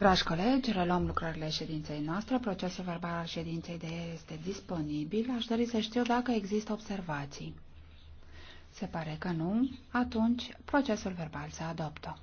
Dragi colegi, reluăm lucrările ședinței noastre. Procesul verbal al ședinței de ieri este disponibil. Aș dori să știu dacă există observații. Se pare că nu. Atunci, procesul verbal se adoptă.